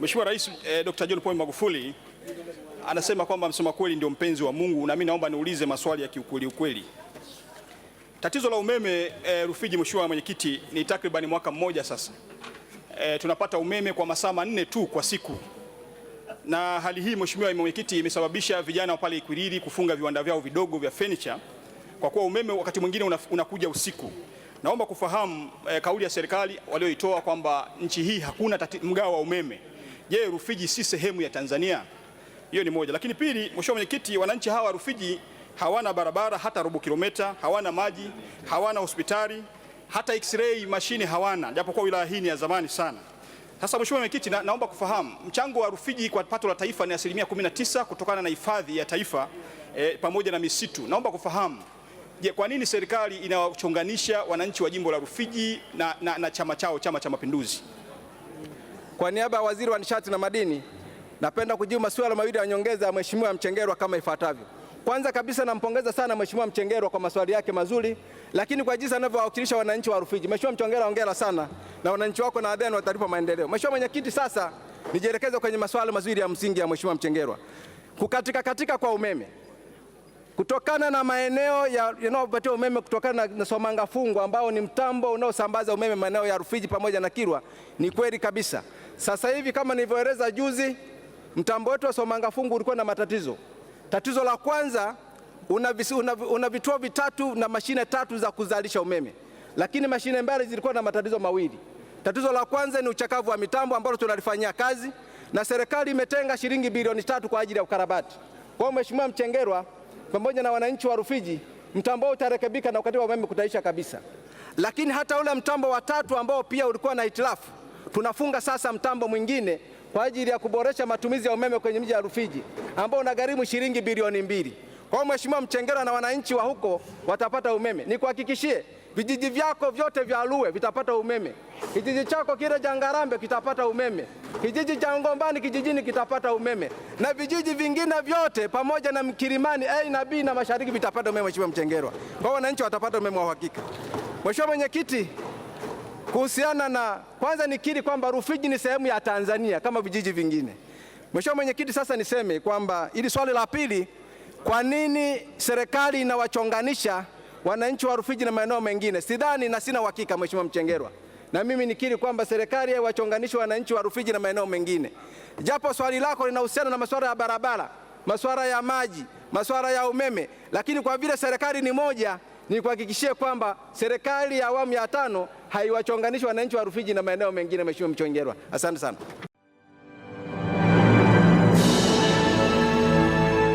Mheshimiwa Rais eh, Dr. John Pombe Magufuli anasema kwamba msema kweli ndio mpenzi wa Mungu, na mimi naomba niulize maswali ya kiukweli ukweli. Tatizo la umeme eh, Rufiji, Mheshimiwa Mwenyekiti, ni takribani mwaka mmoja sasa. Eh, tunapata umeme kwa masaa manne tu kwa siku, na hali hii Mheshimiwa Mwenyekiti, imesababisha vijana pale Ikwiriri kufunga viwanda vyao vidogo vya furniture kwa kuwa umeme wakati mwingine unakuja usiku. Naomba kufahamu eh, kauli ya serikali walioitoa kwamba nchi hii hakuna mgao wa umeme. Je, Rufiji si sehemu ya Tanzania? Hiyo ni moja. Lakini pili, mheshimiwa mwenyekiti, wananchi hawa Rufiji hawana barabara hata robo kilomita, hawana maji, hawana hospitali, hata x-ray mashine hawana, japokuwa wilaya hii ni ya zamani sana. Sasa mheshimiwa mwenyekiti, na, naomba kufahamu mchango wa Rufiji kwa pato la taifa ni asilimia 19 kutokana na hifadhi ya taifa e, pamoja na misitu. Naomba kufahamu je, kwa nini serikali inawachonganisha wananchi wa jimbo la Rufiji na, na, na chama chao Chama cha Mapinduzi? Kwa niaba ya waziri wa nishati na madini, napenda kujibu masuala mawili ya nyongeza ya mheshimiwa Mchengerwa kama ifuatavyo. Kwanza kabisa nampongeza sana mheshimiwa Mchengerwa kwa maswali yake mazuri, lakini kwa jinsi anavyowakilisha wananchi wa Rufiji. Mheshimiwa Mchengerwa, hongera sana na wananchi wako na adhani watalipa maendeleo. Mheshimiwa Mwenyekiti, sasa nijielekeze kwenye maswali mazuri ya msingi ya mheshimiwa Mchengerwa. Kukatika katika kwa umeme kutokana na maeneo yanayopatia umeme kutokana na na Somanga Fungu ambao ni mtambo unaosambaza umeme maeneo ya Rufiji pamoja na Kirwa, ni kweli kabisa sasa hivi kama nilivyoeleza juzi, mtambo wetu wa Somangafungu ulikuwa na matatizo. Tatizo la kwanza, una, una, una vituo vitatu na mashine tatu za kuzalisha umeme, lakini mashine mbali zilikuwa na matatizo mawili. Tatizo la kwanza ni uchakavu wa mitambo ambalo tunalifanyia kazi na serikali imetenga shilingi bilioni tatu kwa ajili ya ukarabati. Kwa hiyo Mheshimiwa Mchengerwa pamoja na wananchi wa Rufiji, mtambo utarekebika na ukati wa umeme kutaisha kabisa. Lakini hata ule mtambo wa tatu ambao pia ulikuwa na hitilafu Tunafunga sasa mtambo mwingine kwa ajili ya kuboresha matumizi ya umeme kwenye mji wa Rufiji ambao unagharimu shilingi bilioni mbili. Kwa hiyo Mheshimiwa Mchengerwa na wananchi wa huko watapata umeme. Nikuhakikishie vijiji vyako vyote vya lue vitapata umeme, kijiji chako kile jangarambe kitapata umeme, kijiji cha Ngombani kijijini kitapata umeme, na vijiji vingine vyote pamoja na Mkilimani A na B na Mashariki vitapata umeme, Mheshimiwa Mchengerwa. Kwa hiyo wananchi watapata umeme wa uhakika. Mheshimiwa Mwenyekiti, kuhusiana na kwanza, nikiri kwamba Rufiji ni sehemu ya Tanzania kama vijiji vingine. Mheshimiwa Mwenyekiti, sasa niseme kwamba ili swali la pili, kwa nini serikali inawachonganisha wananchi wa Rufiji na maeneo mengine? Sidhani na sina uhakika, Mheshimiwa Mchengerwa, na mimi nikiri kwamba serikali haiwachonganishi wananchi wa Rufiji na maeneo mengine, japo swali lako linahusiana na masuala ya barabara, masuala ya maji, masuala ya umeme, lakini kwa vile serikali ni moja ni kuhakikishie kwamba serikali ya awamu ya tano haiwachonganishi wananchi wa Rufiji na maeneo mengine. Mheshimiwa Mchongerwa, asante sana.